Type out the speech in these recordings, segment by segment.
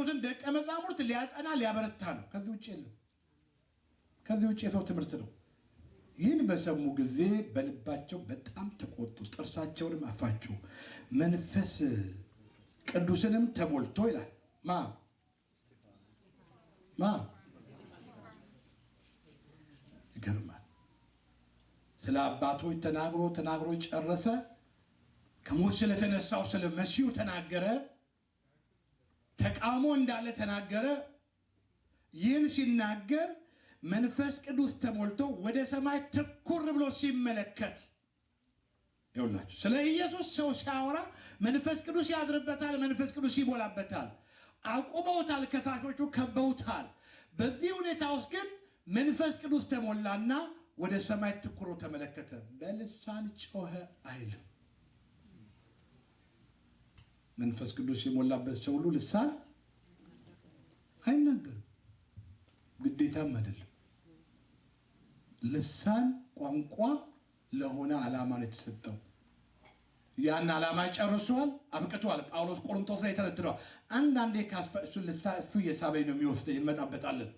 የተማርከውትን ደቀ መዛሙርት ሊያጸና ሊያበረታ ነው። ከዚህ ውጭ የለም። ከዚህ ውጭ የሰው ትምህርት ነው። ይህን በሰሙ ጊዜ በልባቸው በጣም ተቆጡ፣ ጥርሳቸውንም አፋቸው መንፈስ ቅዱስንም ተሞልቶ ይላል ማ ማ ይገርማል። ስለ አባቶች ተናግሮ ተናግሮ ጨረሰ። ከሞት ስለተነሳው ስለ መሲሁ ተናገረ። ተቃውሞ እንዳለ ተናገረ። ይህን ሲናገር መንፈስ ቅዱስ ተሞልቶ ወደ ሰማይ ትኩር ብሎ ሲመለከት ይውላችሁ ስለ ኢየሱስ ሰው ሲያወራ መንፈስ ቅዱስ ያድርበታል፣ መንፈስ ቅዱስ ይሞላበታል። አቁመውታል፣ ከሳሾቹ ከበውታል። በዚህ ሁኔታ ውስጥ ግን መንፈስ ቅዱስ ተሞላና ወደ ሰማይ ትኩሮ ተመለከተ። በልሳን ጮኸ አይልም መንፈስ ቅዱስ የሞላበት ሰው ሁሉ ልሳን አይናገርም፣ ግዴታም አይደለም። ልሳን ቋንቋ ለሆነ ዓላማ ነው የተሰጠው። ያን ዓላማ ጨርሷል፣ አብቅቷል። ጳውሎስ ቆርንቶስ ላይ ተረትረዋል። አንዳንዴ ካስፈእሱ እሱ የሳበኝ ነው የሚወስደኝ፣ እንመጣበታለን።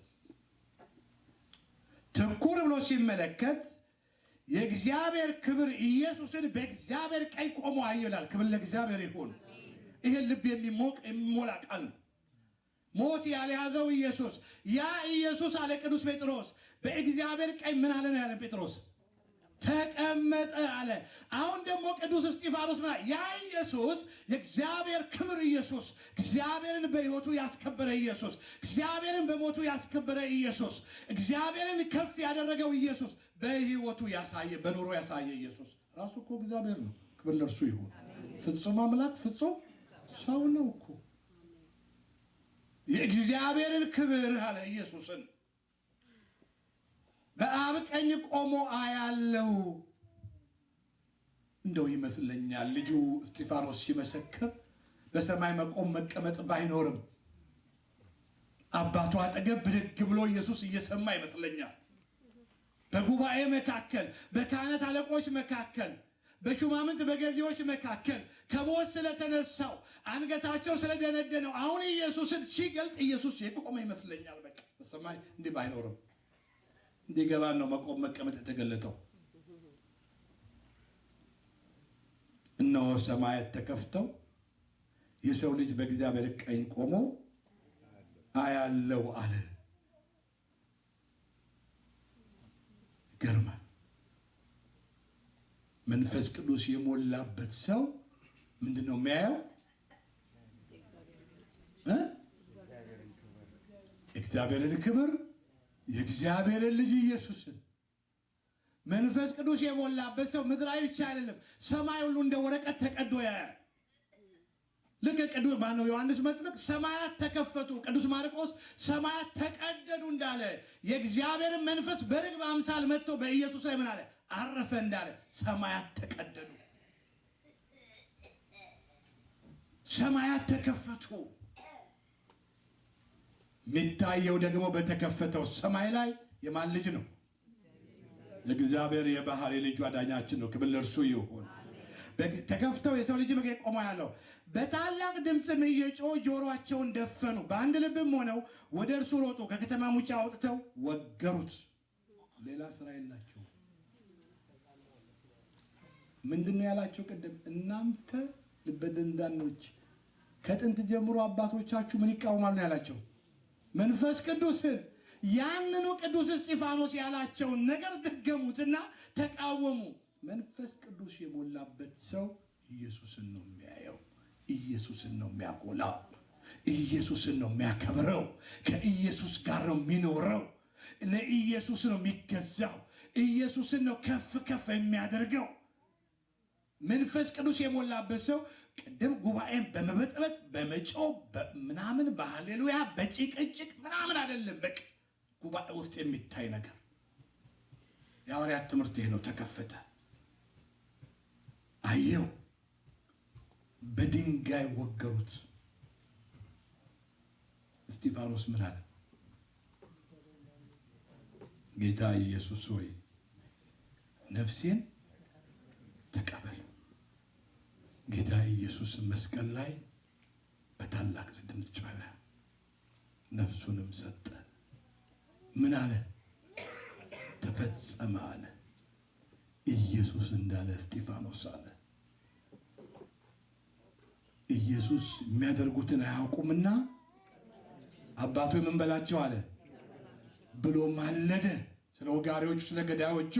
ትኩር ብሎ ሲመለከት የእግዚአብሔር ክብር ኢየሱስን በእግዚአብሔር ቀኝ ቆሞ አየላል። ክብር ለእግዚአብሔር ይሁን። ይሄን ልብ የሚሞቅ የሚሞላ ቃል ነው። ሞት ያልያዘው ኢየሱስ ያ ኢየሱስ አለ ቅዱስ ጴጥሮስ በእግዚአብሔር ቀኝ ምን አለ ነው ያለን ጴጥሮስ ተቀመጠ አለ። አሁን ደግሞ ቅዱስ እስጢፋኖስ ምን ያ ኢየሱስ የእግዚአብሔር ክብር ኢየሱስ እግዚአብሔርን በሕይወቱ ያስከበረ ኢየሱስ እግዚአብሔርን በሞቱ ያስከበረ ኢየሱስ እግዚአብሔርን ከፍ ያደረገው ኢየሱስ በሕይወቱ ያሳየ በኑሮ ያሳየ ኢየሱስ ራሱ እኮ እግዚአብሔር ነው። ክብር ለእርሱ ይሁን። ፍጹም አምላክ ፍጹም ሰው ነው እኮ የእግዚአብሔርን ክብር አለ ኢየሱስን በአብ ቀኝ ቆሞ አያለው። እንደው ይመስለኛል ልጁ እስጢፋኖስ ሲመሰክር በሰማይ መቆም መቀመጥ ባይኖርም አባቱ አጠገብ ብድግ ብሎ ኢየሱስ እየሰማ ይመስለኛል። በጉባኤ መካከል፣ በካህናት አለቆች መካከል በሹማምንት በገዢዎች መካከል ከሞት ስለተነሳው አንገታቸው ስለደነደነው አሁን ኢየሱስን ሲገልጥ ኢየሱስ የቆመ ይመስለኛል። በቃ በሰማይ እንዲህ ባይኖርም እንዲገባን ነው መቆም መቀመጥ የተገለጠው። እነሆ ሰማያት ተከፍተው የሰው ልጅ በእግዚአብሔር ቀኝ ቆሞ አያለው አለ። ይገርማል። መንፈስ ቅዱስ የሞላበት ሰው ምንድን ነው የሚያየው? እግዚአብሔርን ክብር፣ የእግዚአብሔርን ልጅ ኢየሱስን። መንፈስ ቅዱስ የሞላበት ሰው ምድራዊ ብቻ አይደለም፣ ሰማይ ሁሉ እንደ ወረቀት ተቀዶ ያያል። ልክ ቅዱስ ማነው ዮሐንስ መጥምቅ ሰማያት ተከፈቱ፣ ቅዱስ ማርቆስ ሰማያት ተቀደዱ እንዳለ የእግዚአብሔርን መንፈስ በርግብ አምሳል መጥቶ በኢየሱስ ላይ ምን አለ? አረፈ እንዳለ ሰማያት ተቀደዱ፣ ሰማያት ተከፈቱ። የሚታየው ደግሞ በተከፈተው ሰማይ ላይ የማን ልጅ ነው? እግዚአብሔር የባህሪ ልጁ አዳኛችን ነው። ክብል እርሱ ይሁን። ተከፍተው የሰው ልጅ መገ ቆሞ ያለው በታላቅ ድምፅም እየጮሁ ጆሮአቸውን ደፈኑ፣ በአንድ ልብም ሆነው ወደ እርሱ ሮጡ፣ ከከተማም ውጭ አውጥተው ወገሩት። ሌላ ስራ የላቸው ምንድነው ነው ያላቸው? ቅድም እናንተ ልበ ከጥንት ጀምሮ አባቶቻችሁ ምን ይቃወማል ነው ያላቸው? መንፈስ ቅዱስን። ያንኑ ቅዱስ እስጢፋኖስ ያላቸውን ነገር ደገሙትና ተቃወሙ። መንፈስ ቅዱስ የሞላበት ሰው ኢየሱስን ነው የሚያየው፣ ኢየሱስን ነው የሚያጎላው፣ ኢየሱስን ነው የሚያከብረው፣ ከኢየሱስ ጋር ነው የሚኖረው፣ ለኢየሱስ ነው የሚገዛው፣ ኢየሱስን ነው ከፍ ከፍ የሚያደርገው። መንፈስ ቅዱስ የሞላበት ሰው ቅድም ጉባኤን በመበጥበጥ በመጮ ምናምን በሃሌሉያ በጭቅጭቅ ምናምን አይደለም። በቃ ጉባኤ ውስጥ የሚታይ ነገር የሐዋርያት ትምህርት ይሄ ነው። ተከፈተ አየው፣ በድንጋይ ወገሩት። እስጢፋኖስ ምን አለ? ጌታ ኢየሱስ ሆይ ነፍሴን ተቀበል ጌታ ኢየሱስ መስቀል ላይ በታላቅ ድምፅ ጮኸ፣ ነፍሱንም ሰጠ። ምን አለ? ተፈጸመ አለ። ኢየሱስ እንዳለ እስጢፋኖስ አለ። ኢየሱስ የሚያደርጉትን አያውቁምና አባቱ ምን በላቸው አለ ብሎ ማለደ። ስለ ወጋሪዎቹ፣ ስለ ገዳዮቹ፣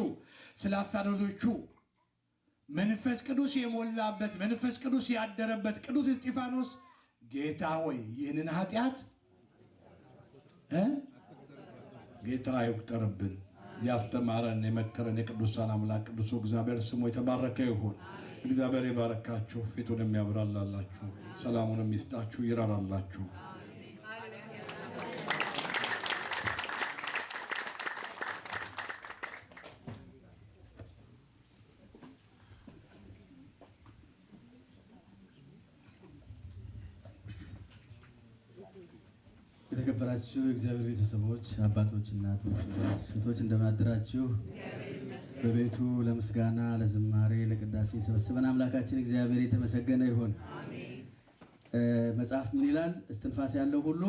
ስለ አሳዳጆቹ መንፈስ ቅዱስ የሞላበት መንፈስ ቅዱስ ያደረበት ቅዱስ እስጢፋኖስ ጌታ ወይ ይህንን ኃጢአት ጌታ አይቁጠርብን። ያስተማረን የመከረን የቅዱሳን አምላክ ቅዱሱ እግዚአብሔር ስሙ የተባረከ ይሁን። እግዚአብሔር ይባረካችሁ፣ ፊቱን የሚያብራላላችሁ፣ ሰላሙን የሚስጣችሁ፣ ይራራላችሁ። የተከበራችሁ የእግዚአብሔር ቤተሰቦች፣ አባቶች፣ እናቶች፣ ሴቶች እንደምን አደራችሁ? በቤቱ ለምስጋና ለዝማሬ፣ ለቅዳሴ የሰበሰበን አምላካችን እግዚአብሔር የተመሰገነ ይሁን። መጽሐፍ ምን ይላል? እስትንፋስ ያለው ሁሉ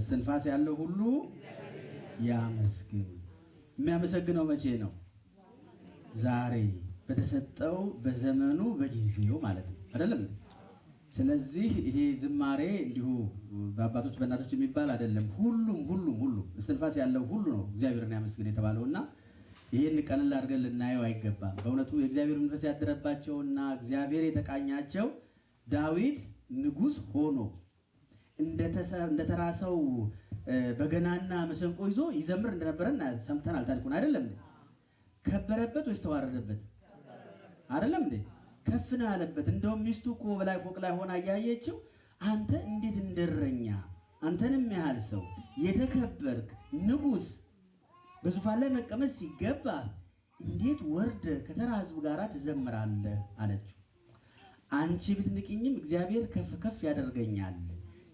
እስትንፋስ ያለው ሁሉ ያመስግን። የሚያመሰግነው መቼ ነው? ዛሬ በተሰጠው በዘመኑ በጊዜው ማለት ነው አይደለም ስለዚህ ይሄ ዝማሬ እንዲሁ በአባቶች በእናቶች የሚባል አይደለም። ሁሉም ሁሉም ሁሉም እስትንፋስ ያለው ሁሉ ነው እግዚአብሔርን ያመስግን የተባለው እና ይህን ቀለል አድርገን ልናየው አይገባም። በእውነቱ የእግዚአብሔር መንፈስ ያደረባቸውና እግዚአብሔር የተቃኛቸው ዳዊት ንጉሥ ሆኖ እንደተራሰው በገናና መሰንቆ ይዞ ይዘምር እንደነበረ ሰምተናል። ታሪኩን አይደለም ከበረበት ወይስ ተዋረደበት? አይደለም እንዴ? ከፍ ነው ያለበት። እንደውም ሚስቱ እኮ በላይ ፎቅ ላይ ሆና እያየችው አንተ እንዴት እንደረኛ አንተንም ያህል ሰው የተከበርክ ንጉሥ በዙፋን ላይ መቀመጥ ሲገባ እንዴት ወርደ ከተራ ህዝብ ጋር ትዘምራለህ አለችው። አንቺ ብትንቅኝም እግዚአብሔር ከፍ ከፍ ያደርገኛል።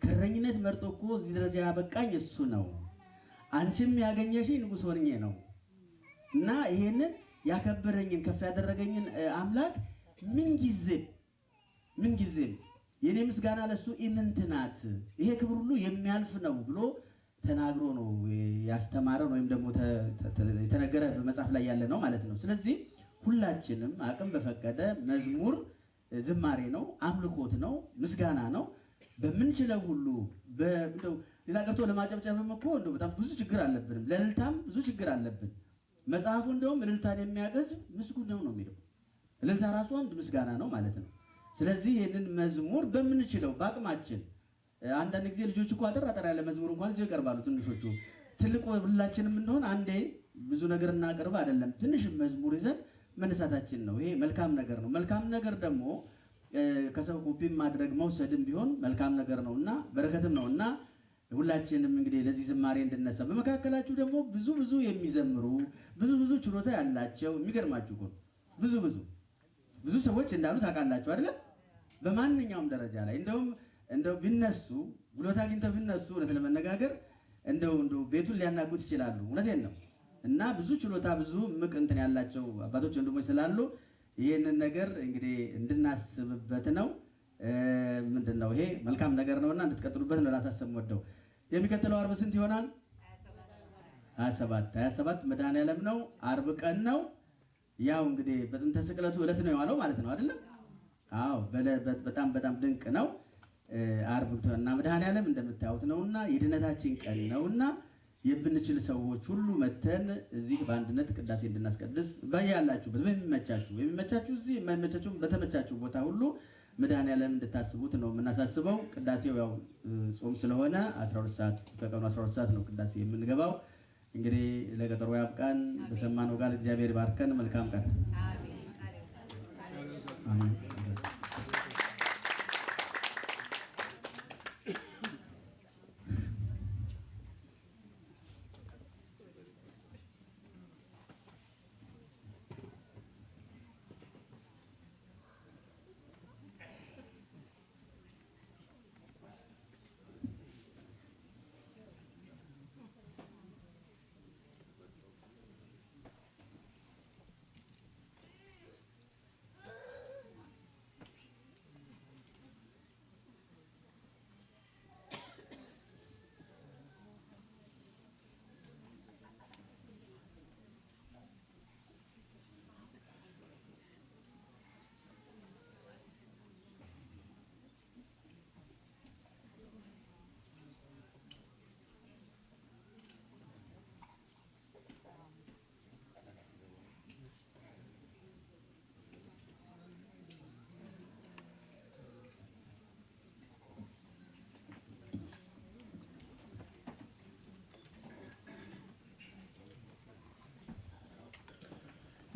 ከረኝነት መርጦ እኮ እዚህ ደረጃ ያበቃኝ እሱ ነው። አንቺም ያገኘሽኝ ንጉሥ ሆኜ ነው እና ይሄንን ያከበረኝን ከፍ ያደረገኝን አምላክ ምን ጊዜም ምን ጊዜም የኔ ምስጋና ለሱ ኢምንት ናት፣ ይሄ ክብር ሁሉ የሚያልፍ ነው ብሎ ተናግሮ ነው ያስተማረ ወይም ደግሞ የተነገረ በመጽሐፍ ላይ ያለ ነው ማለት ነው። ስለዚህ ሁላችንም አቅም በፈቀደ መዝሙር ዝማሬ ነው፣ አምልኮት ነው፣ ምስጋና ነው። በምንችለው ሁሉ ሌላ ቀርቶ ለማጨብጨብም እኮ እንደው በጣም ብዙ ችግር አለብንም፣ ለእልልታም ብዙ ችግር አለብን። መጽሐፉ እንደውም እልልታን የሚያገዝ ምስጉን ነው ነው የሚለው እልልታ ራሱ አንድ ምስጋና ነው ማለት ነው። ስለዚህ ይህንን መዝሙር በምንችለው በአቅማችን አንዳንድ ጊዜ ልጆች እኮ አጠር አጠር ያለ መዝሙር እንኳን እዚሁ ይቀርባሉ ትንሾቹ። ትልቁ ሁላችንም እንደሆን አንዴ ብዙ ነገር እናቀርብ አይደለም፣ ትንሽ መዝሙር ይዘን መነሳታችን ነው። ይሄ መልካም ነገር ነው። መልካም ነገር ደግሞ ከሰው ኮፒም ማድረግ መውሰድም ቢሆን መልካም ነገር ነው እና በረከትም ነው እና ሁላችንም እንግዲህ ለዚህ ዝማሬ እንድነሳ በመካከላችሁ ደግሞ ብዙ ብዙ የሚዘምሩ ብዙ ብዙ ችሎታ ያላቸው የሚገርማችሁ ብዙ ብዙ ብዙ ሰዎች እንዳሉ ታውቃላችሁ አይደለም? በማንኛውም ደረጃ ላይ እንደውም እንደው ቢነሱ ጉሎት አግኝተው ቢነሱ እውነት ለመነጋገር እንደው እንደው ቤቱን ሊያናጉት ይችላሉ። እውነቴን ነው። እና ብዙ ችሎታ ብዙ ምቅ እንትን ያላቸው አባቶች ወንድሞች ስላሉ ይህንን ነገር እንግዲህ እንድናስብበት ነው። ምንድን ነው ይሄ መልካም ነገር እና እንድትቀጥሉበት ነው ላሳሰብ ወደው የሚቀጥለው አርብ ስንት ይሆናል? 27 27 መድኃኔዓለም ነው። አርብ ቀን ነው። ያው እንግዲህ በጥንተ ስቅለቱ ዕለት ነው የዋለው ማለት ነው አይደለም? አዎ በጣም በጣም ድንቅ ነው። ዓርብ እና መድኃኔዓለም እንደምታዩት ነውና የድነታችን ቀን ነውና የምንችል ሰዎች ሁሉ መተን እዚህ በአንድነት ቅዳሴ እንድናስቀድስ በያላችሁበት በሚመቻችሁ የሚመቻችሁ እዚህ የማይመቻችሁ በተመቻችሁ ቦታ ሁሉ መድኃኔዓለም እንድታስቡት ነው የምናሳስበው። ቅዳሴው ያው ጾም ስለሆነ 12 ሰዓት ከቀኑ 12 ሰዓት ነው ቅዳሴ የምንገባው። እንግዲህ ለቀጠሮ ያብቃን። በሰማነው ጋር እግዚአብሔር ይባርከን። መልካም ቀን። አሜን።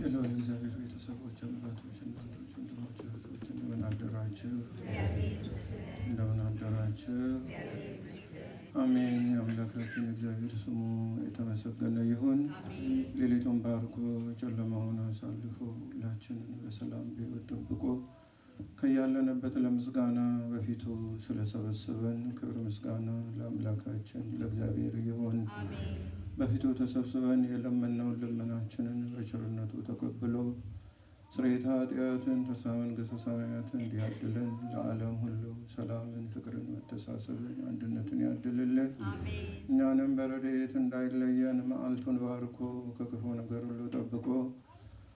የልዑል እግዚአብሔር ቤተሰቦች፣ አባቶች፣ እናቶች፣ ወንድሞች፣ እህቶች እንደምን አደራችሁ? እንደምን አደራችሁ? አሜን። የአምላካችን እግዚአብሔር ስሙ የተመሰገነ ይሁን። ሌሊቱን ባርኮ ጨለማውን አሳልፎ ሁላችንን በሰላም በሕይወት ጠብቆ ከያለንበት ለምስጋና በፊቱ ስለሰበሰበን ክብር ምስጋና ለአምላካችን ለእግዚአብሔር ይሁን። በፊቱ ተሰብስበን የለመነውን ልመናችንን በቸርነቱ ተቀብሎ ስርየተ ኃጢአትን ተሳምን ገጸ ሰማያትን እንዲያድልን ለዓለም ሁሉ ሰላምን፣ ፍቅርን፣ መተሳሰብን፣ አንድነትን ያድልልን። እኛንም በረድኤት እንዳይለየን መዓልቱን ባርኮ ከክፉ ነገር ሁሉ ጠብቆ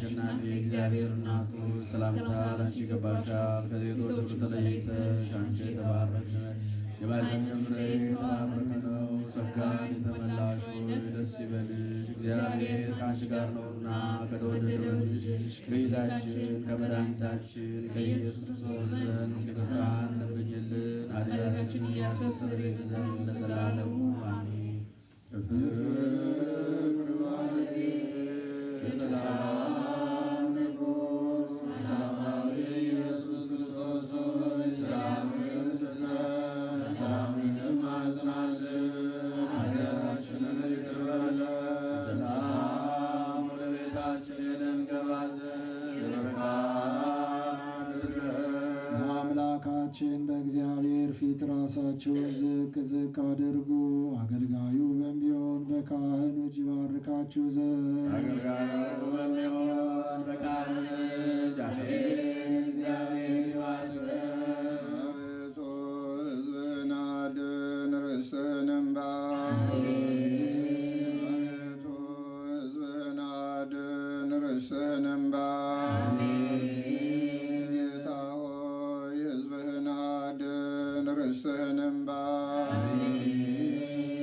አዳራሽ እናት የእግዚአብሔር እናቱ ሰላምታ ላንቺ ይገባሻል። ከሴቶች ሁሉ ተለይተሽ አንቺ የተባረክሽ የባሕፀንሽ ፍሬ የተባረከ ነው። ጸጋን የተመላሽ ደስ ይበልሽ፣ እግዚአብሔር ከአንቺ ጋር ነውና፣ ከተወደደው ልጅሽ ከጌታችን ከመድኃኒታችን ከኢየሱስ ክርስቶስ ዘንድ ይቅርታን ለምኝልን ኃጢአታችንን እያስተሰርን ዘንድ ለዘላለሙ አሜን። በጌታችን በእግዚአብሔር ፊት ራሳችሁ ዝቅ ዝቅ አድርጉ። አገልጋዩ በሚሆን በካህኑ እጅ ባርካችሁ ዘንድ አገልጋዩ በሚሆን ንጹሕንም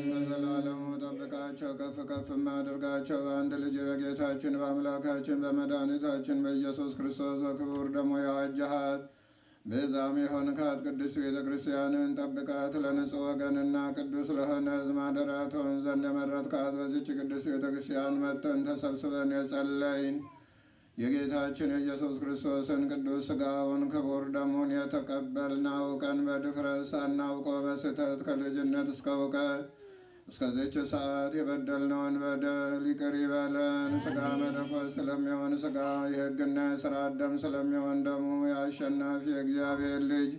በዘላለሙ ጠብቃቸው ከፍ ከፍ አድርጋቸው በአንድ ልጅ በጌታችን በአምላካችን በመድኃኒታችን በኢየሱስ ክርስቶስ በክቡር ደግሞ ደሞ የዋጀሃት የሆን ካት ቅድስት ቤተ ክርስቲያንን ጠብቃት። ለንጹሕ ወገንና ቅዱስ ለሆነ ሕዝብ አደራ ትሆን ዘንድ የመረጥካት በዚች ቅድስት ቤተ ክርስቲያን መጥተን ተሰብስበን የጸለይን የጌታችን የኢየሱስ ክርስቶስን ቅዱስ ሥጋውን ክቡር ደሙን የተቀበልን አውቀን በድፍረት ሳናውቆ በስህተት ከልጅነት እስከ እውቀት እስከዚች ሰዓት የበደልነውን በደል ይቅር ይበለን። ሥጋ መለኮት ስለሚሆን ሥጋ፣ የሕግና የሥራ ደም ስለሚሆን ደሙ፣ የአሸናፊ የእግዚአብሔር ልጅ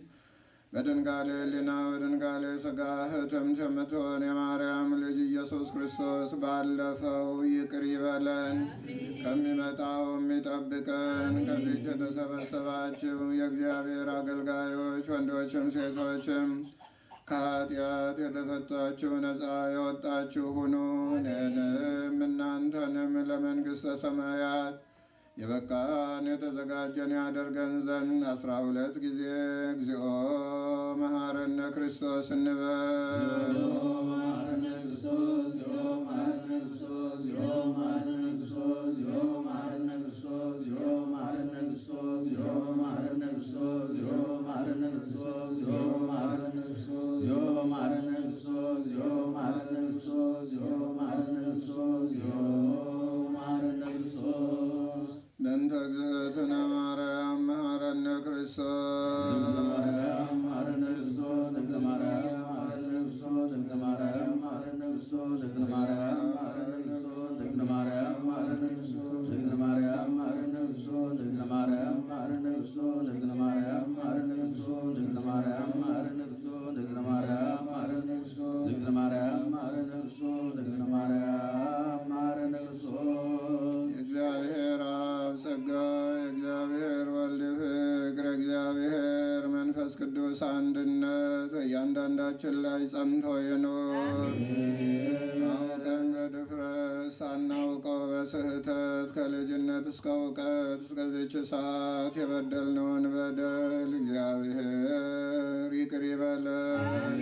በድንጋሌ ሕሊና በድንጋሌ ሥጋ እህትምት የምትሆን የማርያም ልጅ ኢየሱስ ክርስቶስ ባለፈው ይቅር ይበለን፣ ከሚመጣው የሚጠብቀን። ከዚች የተሰበሰባችሁ የእግዚአብሔር አገልጋዮች ወንዶችም ሴቶችም ከኃጢአት የተፈታችሁ ነፃ የወጣችሁ ሁኑ። እኔንም እናንተንም ለመንግሥተ ሰማያት የበቃን የተዘጋጀን ያደርገን ዘንድ አስራ ሁለት ጊዜ እግዚኦ መሐረነ ክርስቶስ እንበል። ማረነ ክርስቶስ Sagrada Namara Amarana Krishna. በምድራችን ላይ ጸንቶ ይኖር። አውቀን በድፍረት ሳናውቀው በስህተት ከልጅነት እስከ እውቀት እስከዚች ሰዓት የበደልነውን በደል እግዚአብሔር ይቅር ይበለን።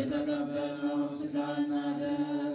Yadadabello Siddhanadam